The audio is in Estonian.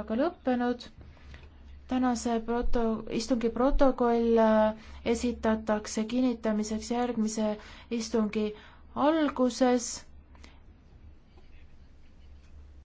aga lõppenud. tänase proto-, istungi protokoll äh, esitatakse kinnitamiseks järgmise istungi alguses